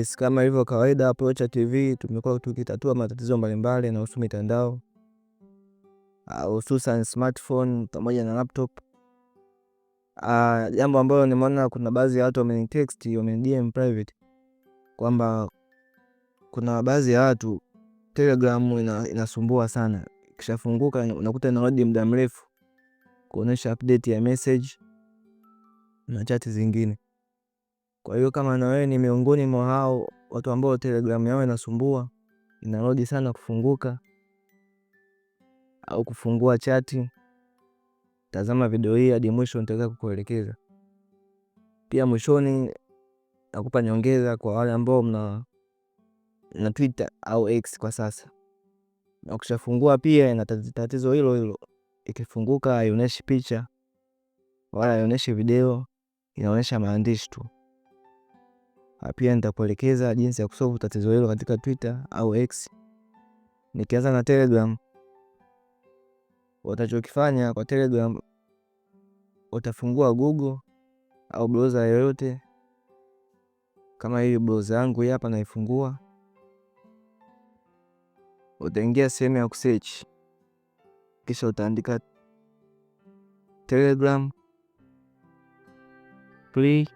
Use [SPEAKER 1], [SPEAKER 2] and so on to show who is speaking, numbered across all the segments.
[SPEAKER 1] Yes, kama ilivyo kawaida hapo Locha TV tumekuwa tukitatua matatizo mbalimbali yanayohusu mitandao ah, hususan uh, smartphone pamoja na laptop. Uh, jambo ambalo nimeona kuna baadhi ya watu wamenitext wamenidm private kwamba kuna baadhi ya watu Telegram ina, inasumbua sana, kishafunguka unakuta inarudi muda mrefu kuonyesha update ya message na chati zingine. Kwa hiyo kama na wewe ni miongoni mwa hao watu ambao telegram yao inasumbua, inarodi sana kufunguka au kufungua chati, tazama video hii hadi mwisho, nitaweza kukuelekeza. Pia mwishoni nakupa nyongeza kwa wale ambao mna na Twitter au X kwa sasa, na ukishafungua pia ina tatizo hilo hilo. Ikifunguka haionyeshi picha wala haionyeshi video, inaonyesha maandishi tu. Pia nitakuelekeza jinsi ya kusolve tatizo hilo katika Twitter au X. Nikianza na Telegram, utachokifanya kwa Telegram, utafungua Google au browser yoyote. Kama hii browser yangu hapa naifungua, utaingia sehemu ya kusearch, kisha utaandika Telegram free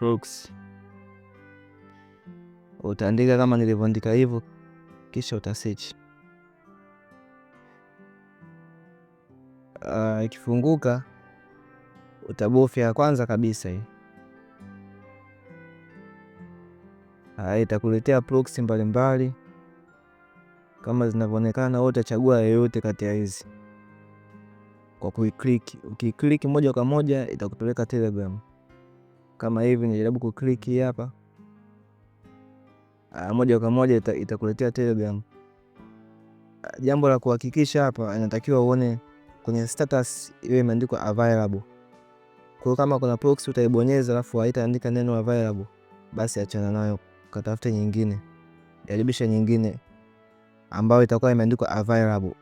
[SPEAKER 1] Proxy utaandika kama nilivyoandika hivyo, kisha utasearch. Ah, ikifunguka uh, utabofya ya kwanza kabisa hii uh, itakuletea proxy mbalimbali kama zinavyoonekana. Wewe utachagua yoyote kati ya hizi kwa kuiklik. Ukiklik moja kwa moja itakupeleka Telegram kama hivi nijaribu kuclick hii hapa ah, moja kwa moja itakuletea Telegram. Ah, jambo la kuhakikisha hapa, inatakiwa uone kwenye status iwe imeandikwa available. Kwa hiyo kama kuna proxy utaibonyeza, alafu haitaandika neno available, basi achana nayo, katafute nyingine, jaribisha nyingine ambayo itakuwa imeandikwa available,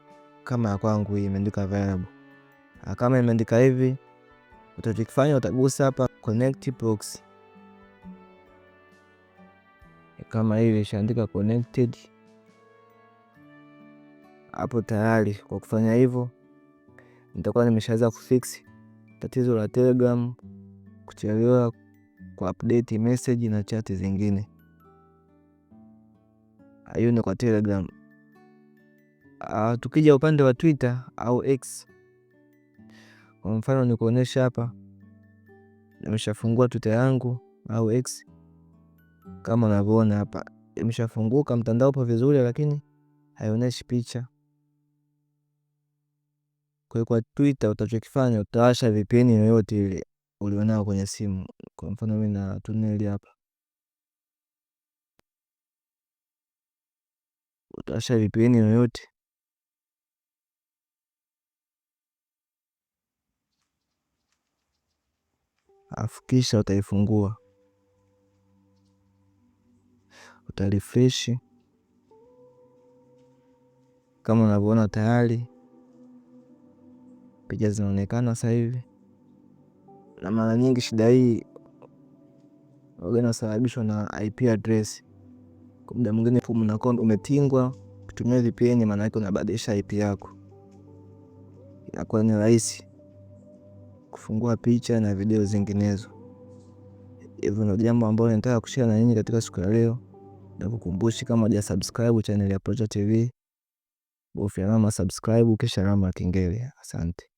[SPEAKER 1] kama ya kwangu hii imeandikwa available. Ah, kama imeandika hivi, utachokifanya utagusa hapa connect proxy kama hivi, shaandika connected hapo tayari. Kwa kufanya hivyo, nitakuwa nimeshaweza kufix tatizo la Telegram kuchelewa kwa update message na chati zingine. Hiyo ni kwa Telegram. Uh, tukija upande wa Twitter au X kwa mfano, nikuonyesha hapa Nimeshafungua Twitter yangu au X kama unavyoona hapa, imeshafunguka mtandao upo vizuri, lakini haionyeshi picha. Kwa hiyo kwa Twitter utachokifanya utawasha VPN yoyote ile ulionao kwenye simu. Kwa mfano mimi na tuneli hapa, utawasha VPN yoyote Alafu kisha utaifungua utarefresh kama unavyoona tayari picha zinaonekana sasa hivi. Na mara nyingi shida hii huwa inasababishwa na IP address. Kwa muda mwingine unakuwa umetingwa ukitumia VPN, maana yake unabadilisha IP yako, inakuwa ni rahisi kufungua picha na video zinginezo. Hivyo ndio jambo ambalo nataka kushare na nyinyi katika siku ya leo. Nakukumbushi kama subscribe channel ya Procha TV, bofya alama subscribe kisha alama ya kengele. Asante.